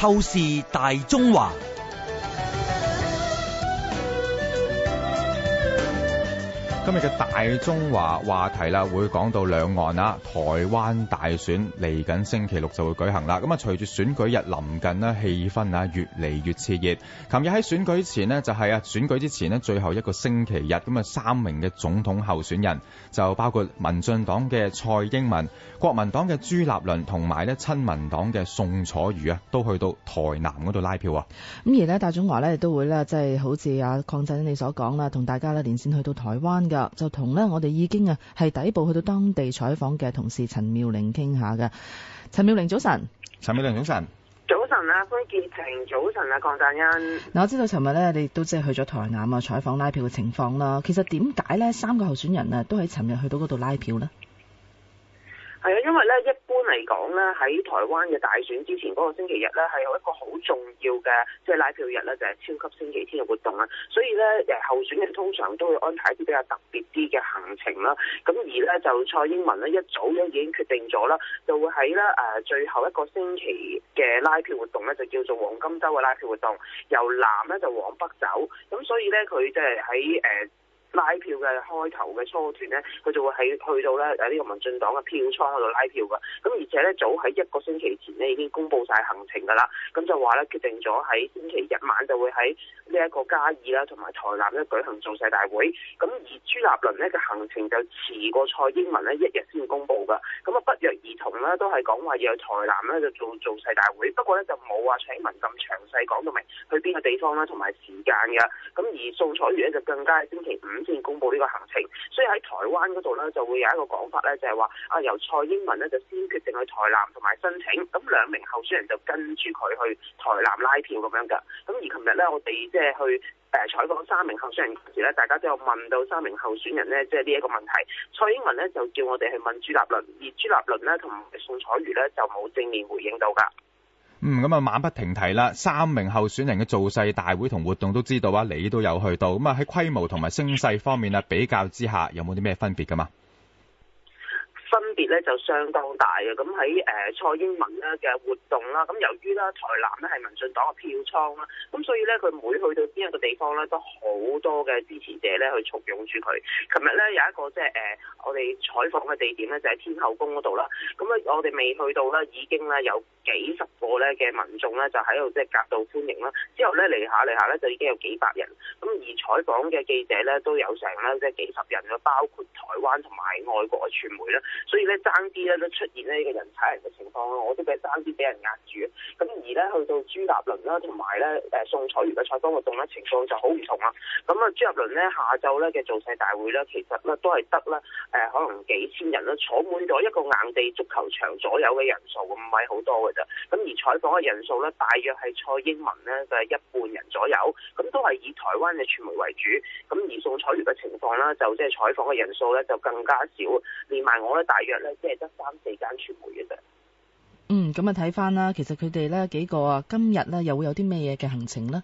透視大中華。今日嘅大中華話題啦，會講到兩岸啦，台灣大選嚟緊，來星期六就會舉行啦。咁啊，隨住選舉日臨近咧，氣氛啊越嚟越熾熱。琴日喺選舉前呢，就係、是、啊選舉之前呢，最後一個星期日，咁啊三名嘅總統候選人就包括民進黨嘅蔡英文、國民黨嘅朱立倫同埋咧親民黨嘅宋楚瑜啊，都去到台南嗰度拉票啊。咁而呢，大中華咧亦都會咧，即、就、係、是、好似啊鄺振你所講啦，同大家咧連線去到台灣嘅。就同咧，我哋已經啊，係第一步去到當地採訪嘅同事陳妙玲傾下㗎。陳妙玲早晨，陳妙玲早晨，早晨啊，潘建晴早晨啊，鄺贊恩。嗱，我知道尋日咧，你都即係去咗台南啊，採訪拉票嘅情況啦。其實點解咧，三個候選人啊，都喺尋日去到嗰度拉票咧？係啊，因為咧一般嚟講咧，喺台灣嘅大選之前嗰個星期日咧，係有一個好重要嘅即係拉票日咧，就係超級星期天嘅活動啦。所以咧，誒候選人通常都會安排一啲比較特別啲嘅行程啦。咁而咧就蔡英文咧一早都已經決定咗啦，就會喺咧誒最後一個星期嘅拉票活動咧，就叫做黃金週嘅拉票活動，由南咧就往北走。咁所以咧佢即係喺誒。拉票嘅開頭嘅初段咧，佢就會喺去到咧呢個民進黨嘅票倉嗰度拉票㗎。咁而且咧早喺一個星期前咧已經公佈晒行程㗎啦，咁就話咧決定咗喺星期日晚就會喺呢一個嘉義啦同埋台南咧舉行造勢大會，咁而立倫咧嘅行程就遲過蔡英文咧，一日先公佈噶。咁啊不約而同呢，都係講話要去台南呢，就做做誓大會。不過呢，就冇話蔡英文咁詳細講到明去邊個地方啦，同埋時間噶。咁而宋楚瑜咧就更加星期五先公佈呢個行程。所以喺台灣嗰度呢，就會有一個講法呢，就係話啊由蔡英文呢，就先決定去台南同埋申請，咁兩名候選人就跟住佢去台南拉票咁樣噶。咁而琴日呢，我哋即係去誒採訪三名候選人嗰時咧，大家都有問到三名候選人。選人咧，即係呢一個問題。蔡英文咧就叫我哋去問朱立倫，而朱立倫咧同宋楚瑜咧就冇正面回應到噶。嗯，咁啊，馬不停蹄啦，三名候選人嘅造勢大會同活動都知道啊，你都有去到。咁啊，喺規模同埋聲勢方面啊，比較之下有冇啲咩分別噶嘛？咧就相當大嘅，咁喺誒蔡英文咧嘅活動啦，咁由於咧台南咧係民進黨嘅票倉啦，咁所以咧佢每去到邊一個地方咧，都好多嘅支持者咧去簇擁住佢。琴日咧有一個即係誒我哋採訪嘅地點咧，就喺天后宮嗰度啦。咁咧我哋未去到咧，已經咧有幾十個咧嘅民眾咧就喺度即係夾道歡迎啦。之後咧嚟下嚟下咧就已經有幾百人。咁而採訪嘅記者咧都有成咧即係幾十人啦，包括台灣同埋外國嘅傳媒啦。所以。即係爭啲咧都出現呢個人踩人嘅情況咯，我都俾爭啲俾人壓住。咁而咧去到朱立倫啦，同埋咧誒宋楚瑜嘅採訪活動咧，情況就好唔同啦。咁啊，朱立倫咧下晝咧嘅造勢大會咧，其實咧都係得啦誒，可能幾千人啦，坐滿咗一個硬地足球場左右嘅人數，唔係好多嘅咋。咁而採訪嘅人數咧，大約係蔡英文咧就係一半人左右，咁都係以台灣嘅傳媒為主。咁而宋楚瑜嘅情況啦，就即係採訪嘅人數咧就更加少，連埋我咧大約。即係得三四間傳媒嘅啫。嗯，咁啊，睇翻啦。其實佢哋咧幾個啊，今日咧又會有啲咩嘢嘅行程咧？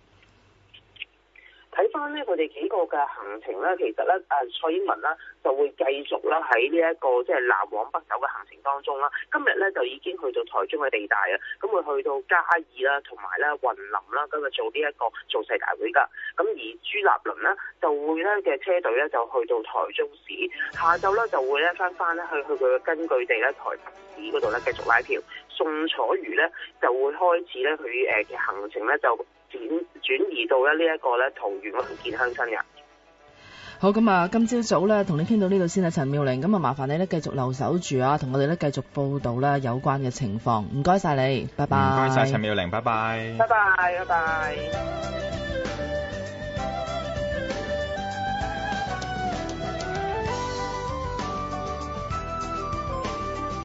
我哋幾個嘅行程咧，其實咧，誒，蔡英文啦就會繼續咧喺呢一個即係南往北走嘅行程當中啦。今日咧就已經去到台中嘅地帶啊，咁會去到嘉義啦、啊，同埋咧雲林啦、啊，今日做呢、這、一個造勢大會㗎。咁而朱立倫呢，就會咧嘅車隊咧就去到台中市，下晝咧就會咧返返咧去去佢嘅根據地咧台中市嗰度咧繼續拉票。宋楚瑜咧就會開始咧佢嘅行程咧就轉轉移到咧呢一個咧桃園嗰度見鄉親人。好咁啊，今朝早咧同你傾到呢度先啦，陳妙玲。咁啊，麻煩你咧繼續留守住啊，同我哋咧繼續報道咧有關嘅情況。唔該晒你，拜拜。唔該晒，陳妙玲，拜拜。拜拜，拜拜。